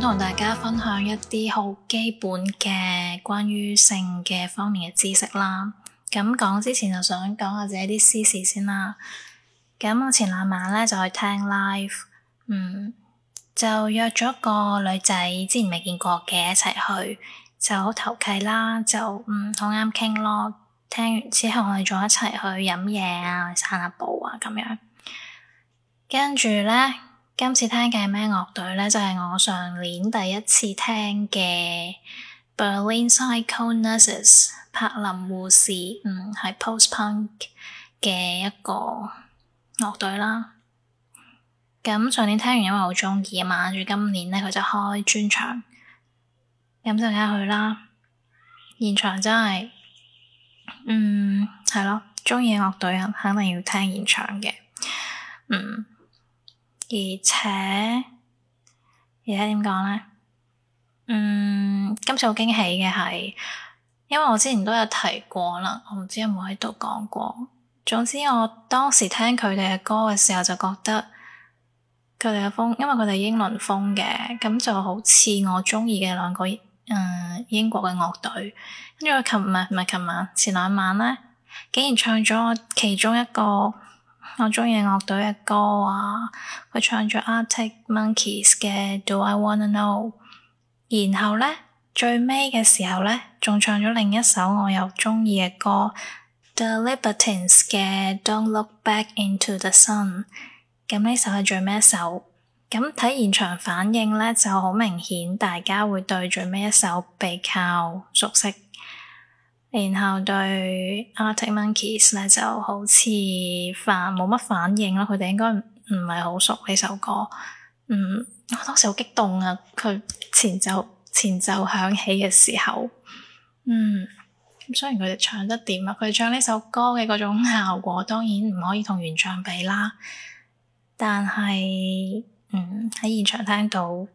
同大家分享一啲好基本嘅關於性嘅方面嘅知識啦。咁講之前就想講下自己啲私事先啦。咁我前兩晚咧就去聽 live，嗯，就約咗個女仔，之前未見過嘅一齊去，就好投契啦，就嗯好啱傾咯。聽完之後我哋仲一齊去飲嘢啊，散下步啊咁樣。跟住咧。今次聽嘅係咩樂隊咧？就係、是、我上年第一次聽嘅 Berlin Psycho Nurses 柏林護士，嗯，係 post punk 嘅一個樂隊啦。咁上年聽完因為好鍾意啊嘛，跟住今年咧佢就開專場，咁就梗係去啦。現場真係，嗯，係咯，鍾意樂隊啊，肯定要聽現場嘅，嗯。而且而且點講咧？嗯，今次好驚喜嘅係，因為我之前都有提過啦，我唔知有冇喺度講過。總之我當時聽佢哋嘅歌嘅時候，就覺得佢哋嘅風，因為佢哋英倫風嘅，咁就好似我中意嘅兩個，嗯，英國嘅樂隊。跟住我琴日唔係琴晚前兩晚咧，竟然唱咗我其中一個。我中意嘅樂隊嘅歌啊，佢唱咗 Arctic Monkeys 嘅 Do I Wanna Know，然後咧最尾嘅時候咧，仲唱咗另一首我又中意嘅歌 The Libertines 嘅 Don't Look Back Into The Sun。咁、嗯、呢首係最尾一首，咁、嗯、睇現場反應咧就好明顯，大家會對最尾一首比較熟悉。然後對《Arctic Monkeys》咧就好似反冇乜反應咯，佢哋應該唔唔係好熟呢首歌。嗯，我當時好激動啊！佢前奏前奏響起嘅時候，嗯，咁雖然佢哋唱得點啊，佢哋唱呢首歌嘅嗰種效果當然唔可以同原唱比啦，但係嗯喺現場聽到，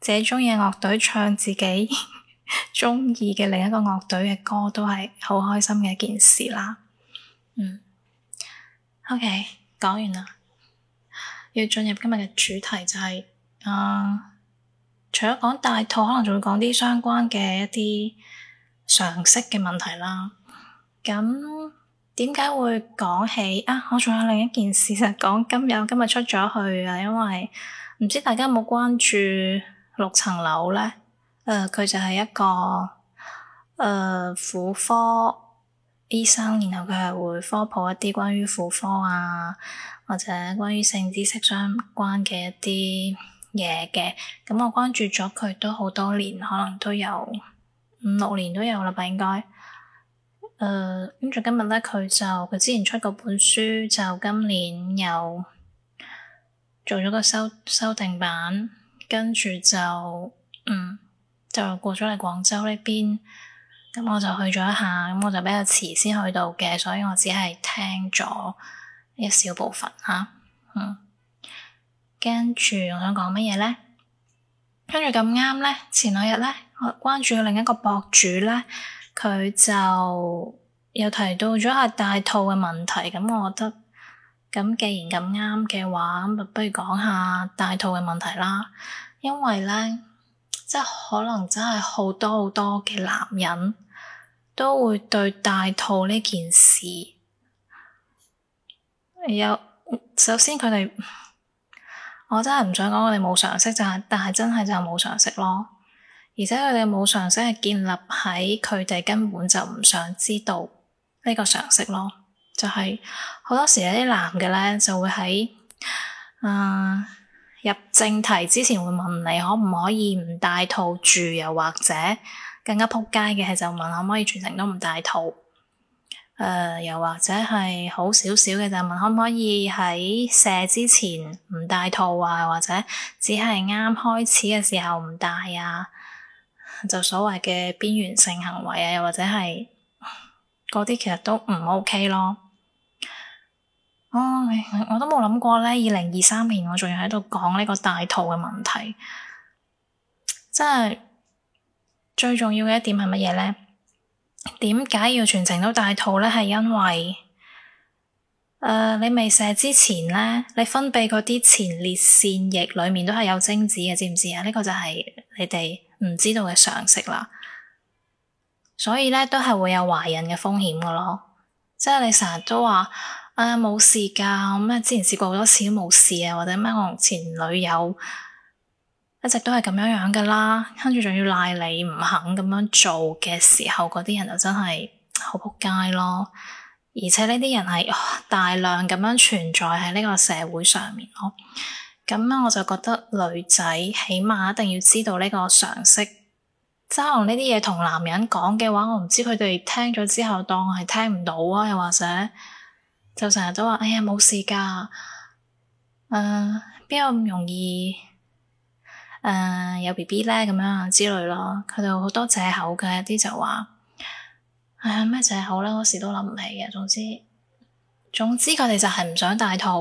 自己中意樂隊唱自己。鍾意嘅另一個樂隊嘅歌都係好開心嘅一件事啦。嗯，OK，講完啦，要進入今日嘅主題就係、是，啊、呃，除咗講戴套，可能仲會講啲相關嘅一啲常識嘅問題啦。咁點解會講起啊？我仲有另一件事實講，今日我今日出咗去啊，因為唔知大家有冇關注六層樓咧。佢、呃、就係一個誒婦、呃、科醫生，然後佢係會科普一啲關於婦科啊，或者關於性知識相關嘅一啲嘢嘅。咁、嗯、我關注咗佢都好多年，可能都有五六年都有啦吧，應該。誒、呃，跟住今日咧，佢就佢之前出嗰本書，就今年又做咗個修修訂版，跟住就嗯。就過咗嚟廣州呢邊，咁我就去咗一下，咁我就比較遲先去到嘅，所以我只係聽咗一小部分吓、啊，嗯，跟住我想講乜嘢咧？跟住咁啱咧，前兩日咧，我關注另一個博主咧，佢就又提到咗下戴套嘅問題。咁我覺得咁既然咁啱嘅話，咁不如講下戴套嘅問題啦，因為咧。即係可能真係好多好多嘅男人都會對大肚呢件事有，首先佢哋我真係唔想講佢哋冇常識就係，但係真係就冇常識咯，而且佢哋冇常識係建立喺佢哋根本就唔想知道呢個常識咯，就係、是、好多時有啲男嘅咧就會喺啊。呃入正題之前會問你可唔可以唔戴套住，又或者更加撲街嘅係就問可唔可以全程都唔戴套？誒、呃，又或者係好少少嘅就問可唔可以喺射之前唔戴套啊？或者只係啱開始嘅時候唔戴啊？就所謂嘅邊緣性行為啊，又或者係嗰啲其實都唔 OK 咯。哦，我都冇諗過咧。二零二三年我仲要喺度講呢個戴套嘅問題，即係最重要嘅一點係乜嘢咧？點解要全程都戴套咧？係因為誒、呃，你未射之前咧，你分泌嗰啲前列腺液裏面都係有精子嘅，知唔知啊？呢、這個就係你哋唔知道嘅常識啦。所以咧，都係會有懷孕嘅風險噶咯。即係你成日都話。誒，冇、哎、事噶咩？之前試過好多次都冇事啊，或者咩？我前女友一直都係咁樣樣噶啦，跟住仲要賴你唔肯咁樣做嘅時候，嗰啲人就真係好仆街咯。而且呢啲人係、呃、大量咁樣存在喺呢個社會上面咯。咁、嗯、咧、嗯，我就覺得女仔起碼一定要知道呢個常識。即係用呢啲嘢同男人講嘅話，我唔知佢哋聽咗之後當係聽唔到啊，又或者。就成日都話，哎呀，冇事噶，誒、呃，邊有咁容易誒、呃、有 B B 咧咁樣之類咯。佢哋好多借口嘅，一啲就話，哎呀咩借口啦，嗰時都諗唔起嘅。總之總之，佢哋就係唔想戴套，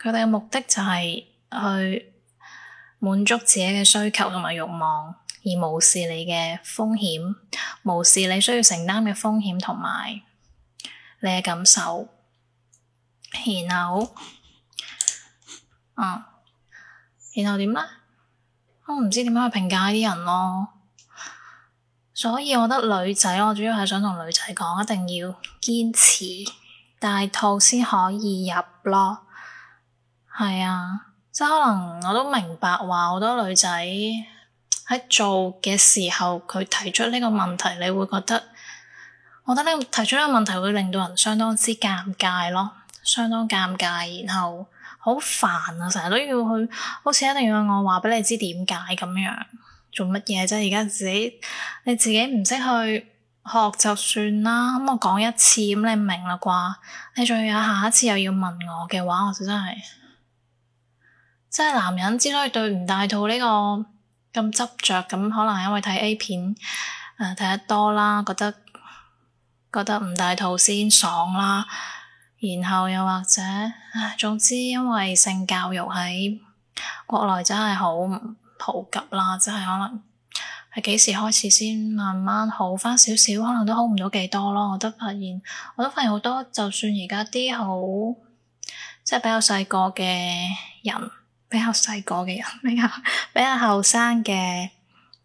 佢哋嘅目的就係去滿足自己嘅需求同埋欲望，而無視你嘅風險，無視你需要承擔嘅風險同埋。你嘅感受，然後，嗯、啊，然後點呢？我唔知點樣去評價啲人咯。所以，我覺得女仔，我主要係想同女仔講，一定要堅持戴套先可以入咯。係啊，即係可能我都明白話，好多女仔喺做嘅時候，佢提出呢個問題，你會覺得。我覺得你提出呢個問題會令到人相當之尷尬咯，相當尷尬，然後好煩啊！成日都要去，好似一定要我話畀你知點解咁樣做乜嘢啫？而家自己，你自己唔識去學就算啦。咁、嗯、我講一次，咁你明啦啩？你仲要有下一次又要問我嘅話，我就真係真係。男人之所以對唔戴套呢個咁執着，咁可能因為睇 A 片誒睇、呃、得多啦，覺得。覺得唔戴套先爽啦，然後又或者，唉，總之因為性教育喺國內真係好普及啦，即係可能係幾時開始先慢慢好翻少少，可能都好唔到幾多咯。我都發現，我都發現好多，就算而家啲好即係比較細個嘅人，比較細個嘅人，比較比較後生嘅，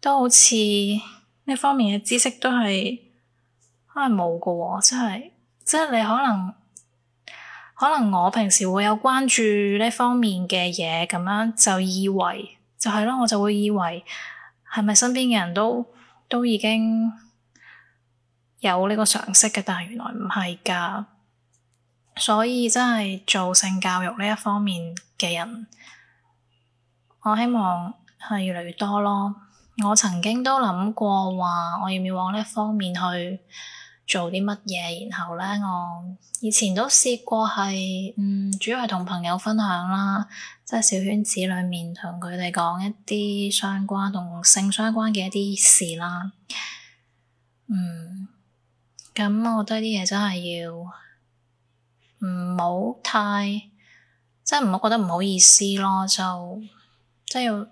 都好似呢方面嘅知識都係。啊，冇噶，即係，即係你可能，可能我平時會有關注呢方面嘅嘢，咁樣就以為就係咯，我就會以為係咪身邊嘅人都都已經有呢個常識嘅？但係原來唔係噶，所以真係做性教育呢一方面嘅人，我希望係越嚟越多咯。我曾經都諗過話，我要唔要往呢一方面去？做啲乜嘢，然後咧，我以前都試過係，嗯，主要係同朋友分享啦，即係小圈子裏面同佢哋講一啲相關同性相關嘅一啲事啦。嗯，咁我覺得啲嘢真係要唔好太，即係唔好覺得唔好意思咯，就即係要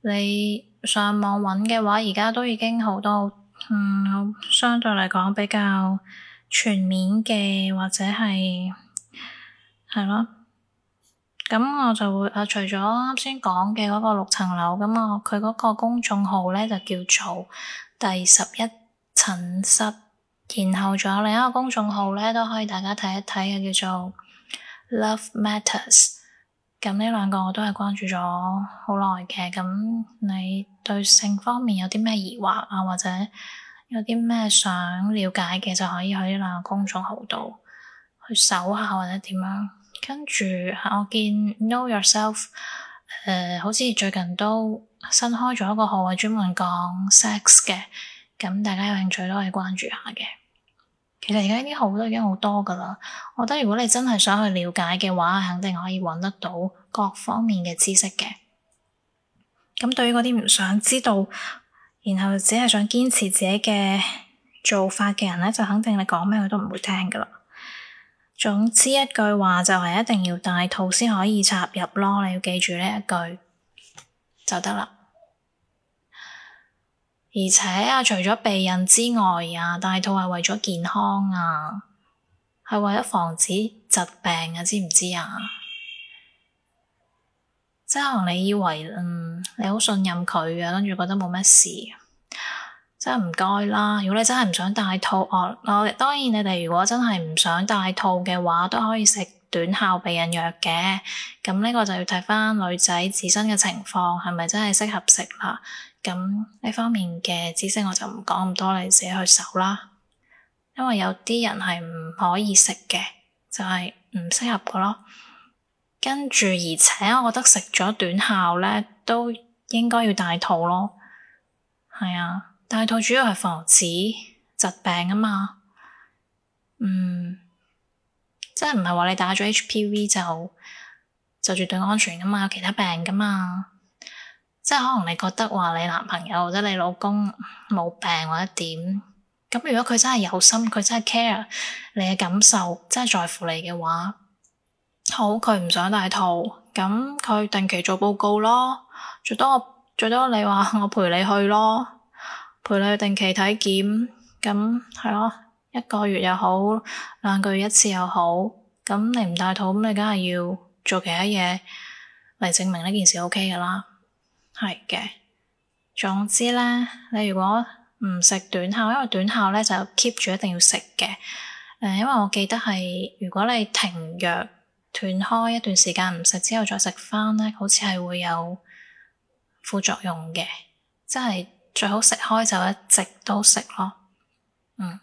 你上網揾嘅話，而家都已經好多。嗯，我相對嚟講比較全面嘅，或者係係咯。咁我就會啊，除咗啱先講嘅個六層樓，咁我佢個公眾號咧就叫做第十一診室，然後仲有另一個公眾號咧都可以大家睇一睇嘅，叫做 Love Matters。咁呢兩個我都係關注咗好耐嘅。咁你對性方面有啲咩疑惑啊，或者有啲咩想了解嘅，就可以去呢兩個公眾號度去搜下或者點樣。跟住我見 Know Yourself 誒、呃，好似最近都新開咗一個號，係專門講 sex 嘅。咁大家有興趣都可以關注下嘅。其實而家呢啲號都已經好多噶啦，我覺得如果你真係想去了解嘅話，肯定可以揾得到各方面嘅知識嘅。咁對於嗰啲唔想知道，然後只係想堅持自己嘅做法嘅人咧，就肯定你講咩佢都唔會聽噶啦。總之一句話就係一定要戴套先可以插入咯，你要記住呢一句就得啦。而且啊，除咗避孕之外啊，戴套係為咗健康啊，係為咗防止疾病啊，知唔知啊？即係可能你以為嗯你好信任佢啊，跟住覺得冇乜事，真係唔該啦。如果你真係唔想戴套，我我當然你哋如果真係唔想戴套嘅話，都可以食。短效避孕藥嘅，咁呢個就要睇翻女仔自身嘅情況係咪真係適合食啦。咁呢方面嘅知識我就唔講咁多，你自己去搜啦。因為有啲人係唔可以食嘅，就係唔適合噶咯。跟住而且我覺得食咗短效咧都應該要戴套咯。係啊，戴套主要係防止疾病啊嘛。嗯。即係唔係話你打咗 HPV 就就絕對安全噶嘛？有其他病噶嘛？即係可能你覺得話你男朋友或者你老公冇病或者點？咁如果佢真係有心，佢真係 care 你嘅感受，真係在乎你嘅話，好，佢唔想戴套，咁佢定期做報告咯，最多我，最多你話我陪你去咯，陪你去定期體檢，咁係咯。一個月又好，兩個月一次又好，咁你唔帶套，咁，你梗係要做其他嘢嚟證明呢件事 O K 噶啦。係嘅，總之咧，你如果唔食短效，因為短效咧就 keep 住一定要食嘅。誒、呃，因為我記得係如果你停藥斷開一段時間唔食之後再食翻咧，好似係會有副作用嘅，即係最好食開就一直都食咯。嗯。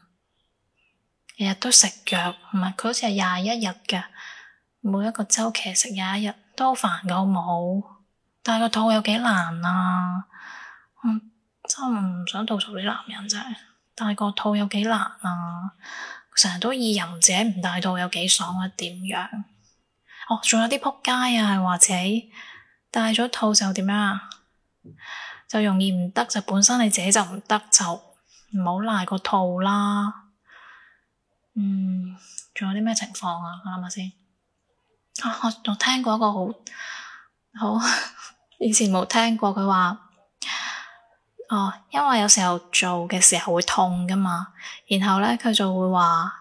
日日都食藥，唔係佢好似係廿一日嘅，每一個周期食廿一日，都好煩嘅，好冇？帶個套有幾難啊？我、嗯、真係唔想吐槽啲男人真係，帶個套有幾難啊？成日都意淫者唔帶套有幾爽啊？點樣？哦，仲有啲撲街啊，係話似帶咗套就點樣啊？就容易唔得，就本身你自己就唔得，就唔好賴個套啦。嗯，仲有啲咩情況啊？我諗下先。我我聽過一個好好以前冇聽過佢話哦，因為有時候做嘅時候會痛噶嘛，然後咧佢就會話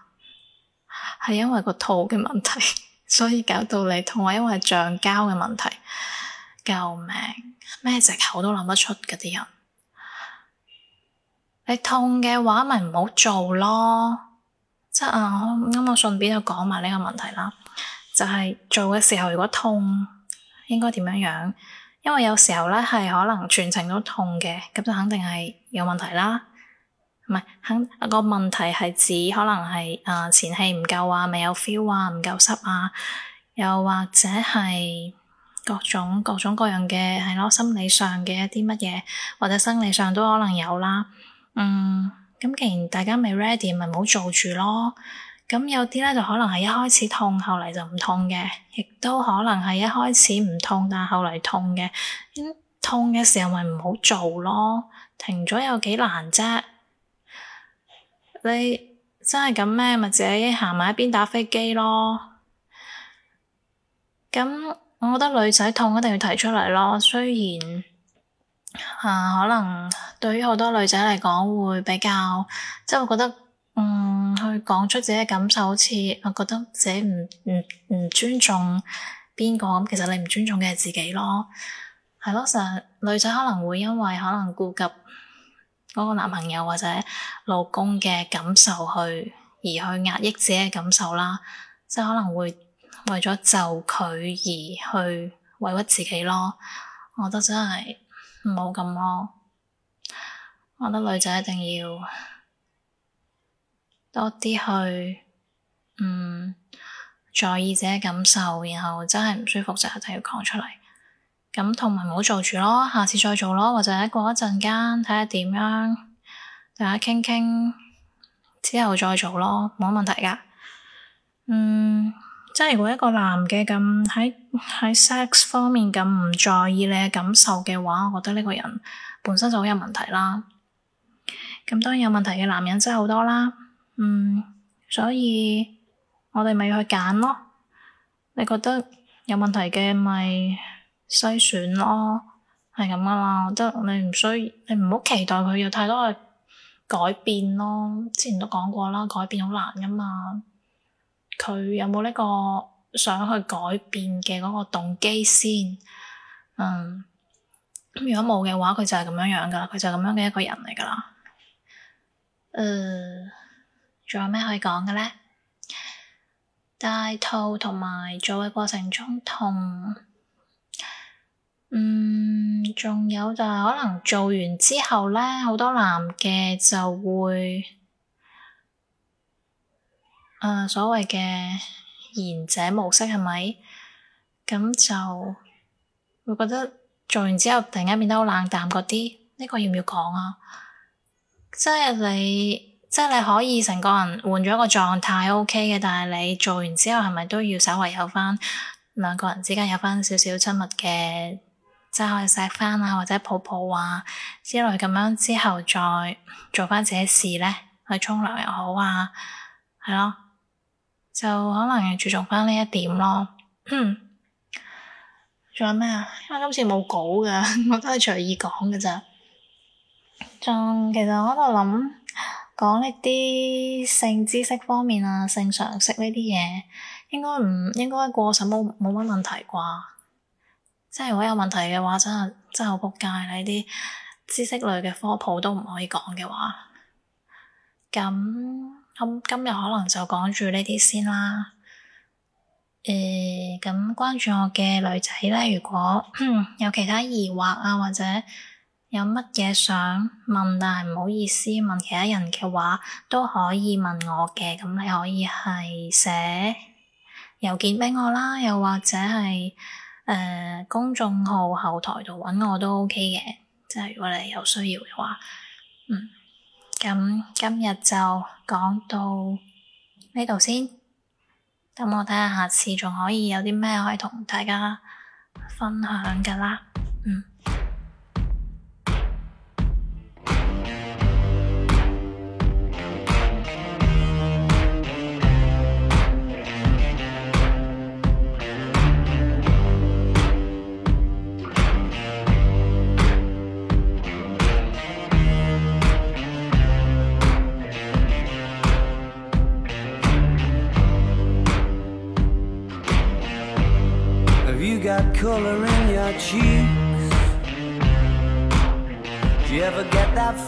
係因為個肚嘅問題，所以搞到你痛。因為橡膠嘅問題，救命咩借口都諗得出，嗰啲人你痛嘅話咪唔好做咯。即係、嗯、我啱啱順便就講埋呢個問題啦。就係、係、做嘅時候如果痛，應該點樣樣？因為有時候咧係可能全程都痛嘅，咁就肯定係有問題啦。唔係，肯個問題係指可能係啊、呃、前戲唔夠啊，未有 feel 啊，唔夠濕啊，又或者係各種各種各樣嘅係咯，心理上嘅一啲乜嘢，或者生理上都可能有啦。嗯。咁既然大家未 ready，咪唔好做住咯。咁有啲咧就可能係一開始痛，後嚟就唔痛嘅，亦都可能係一開始唔痛，但後嚟痛嘅。痛嘅時候咪唔好做咯，停咗有幾難啫。你真係咁咩？咪自己行埋一邊打飛機咯。咁我覺得女仔痛一定要提出嚟咯，雖然。啊，可能對於好多女仔嚟講會比較，即係我覺得，嗯，去講出自己嘅感受好，好似我覺得自己唔唔唔尊重邊個咁，其實你唔尊重嘅係自己咯，係咯，成日女仔可能會因為可能顧及嗰個男朋友或者老公嘅感受去，而去壓抑自己嘅感受啦，即係可能會為咗就佢而去委屈自己咯，我覺得真係。唔好咁咯，我覺得女仔一定要多啲去，嗯，在意自己感受，然後真係唔舒服就一定要講出嚟。咁同埋唔好做住咯，下次再做咯，或者過一陣間睇下點樣，大家傾傾之後再做咯，冇問題㗎。嗯。即係如果一個男嘅咁喺喺 sex 方面咁唔在意你嘅感受嘅話，我覺得呢個人本身就好有問題啦。咁當然有問題嘅男人真係好多啦，嗯，所以我哋咪去揀咯。你覺得有問題嘅咪篩選咯，係咁噶啦。我覺得你唔需要，你唔好期待佢有太多嘅改變咯。之前都講過啦，改變好難噶嘛。佢有冇呢個想去改變嘅嗰個動機先？嗯，咁如果冇嘅話，佢就係咁樣樣噶啦，佢就係咁樣嘅一個人嚟噶啦。誒、嗯，仲有咩可以講嘅咧？大肚同埋做嘅過程中同嗯，仲有就係可能做完之後咧，好多男嘅就會。呃、所謂嘅賢者模式係咪？咁就會覺得做完之後突然間變得好冷淡嗰啲，呢、呢個要唔要講啊？即係你，即係你可以成個人換咗個狀態 OK 嘅，但係你做完之後係咪都要稍為有翻兩個人之間有翻少少親密嘅，即、就、係、是、可以錫翻啊，或者抱抱啊之類咁樣之後再做翻自己事呢，去沖涼又好啊，係咯～就可能注重翻呢一點咯，仲 有咩啊？因為今次冇稿噶，我都係隨意講噶咋。仲其實我喺度諗，講呢啲性知識方面啊、性常識呢啲嘢，應該唔應該過審，冇冇乜問題啩？即係如果有問題嘅話，真係真係好撲街啦！呢啲知識類嘅科普都唔可以講嘅話，咁。咁今日可能就講住呢啲先啦。誒、呃，咁關注我嘅女仔咧，如果有其他疑惑啊，或者有乜嘢想問，但係唔好意思問其他人嘅話，都可以問我嘅。咁你可以係寫郵件畀我啦，又或者係誒、呃、公眾號後台度揾我都 OK 嘅。即係如果你有需要嘅話，嗯。咁今日就講到呢度先，等我睇下下次仲可以有啲咩可以同大家分享㗎喇。